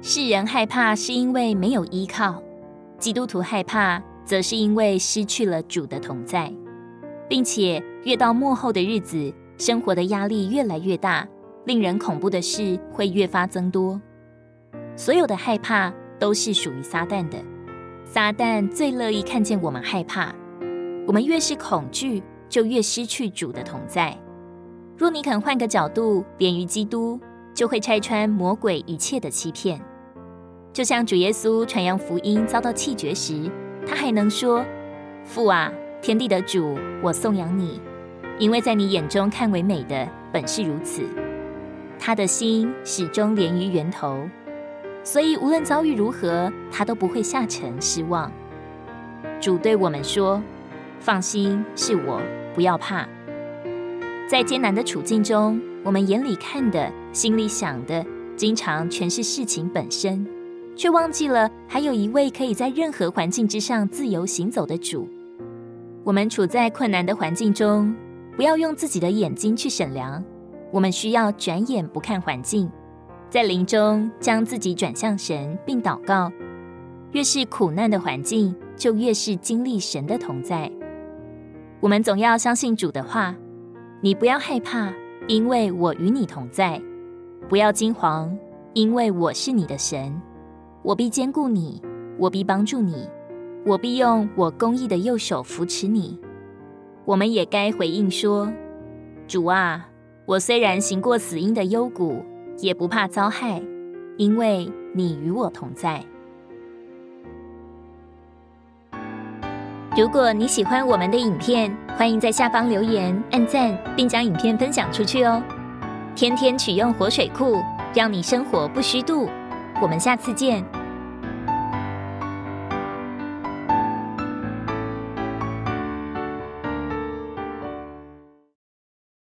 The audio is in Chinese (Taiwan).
世人害怕是因為沒有依靠，基督徒害怕則是因為失去了主的同在，並且越到末後的日子，生活的壓力越來越大，令人恐怖的事會越發增多。所有的害怕都是屬於撒旦的，撒旦最樂意看見我們害怕。我們越是恐懼，就越失去主的同在。若你肯換個角度，連於基督，就會拆穿魔鬼一切的欺騙。就像主耶穌傳揚福音遭到棄絕時，他還能說：“父啊，天地的主，我頌揚你，因為在你眼中看為美的，本是如此。”他的心始終連於源頭，所以無論遭遇如何，他都不會下沉失望。主對我們說：“放心，是我，不要怕。”在艱難的處境中，我們眼裡看的，心裡想的，經常全是事情本身。卻忘記了，還有一位可以在任何環境之上自由行走的主。我們處在困難的環境中，不要用自己的眼睛去審量，我們需要轉眼不看環境，在靈中將自己轉向神並禱告。越是苦難的環境，就越是經歷神的同在。我們總要相信主的話：“你不要害怕，因為我與你同在；不要驚惶，因為我是你的神。”我必堅固你，我必幫助你，我必用我公義的右手扶持你。我們也該回應說：“主啊，我雖然行過死蔭的幽谷，也不怕遭害，因為你與我同在。”如果你喜歡我們的影片，歡迎在下方留言、按讚，並將影片分享出去哦！天天取用活水庫，讓你生活不虛度。我們下次見。